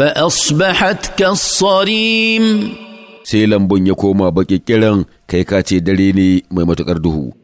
فأصبحت كالصريم sai lambun ya koma baƙi kiran kai ka ce dare ne mai matuƙar duhu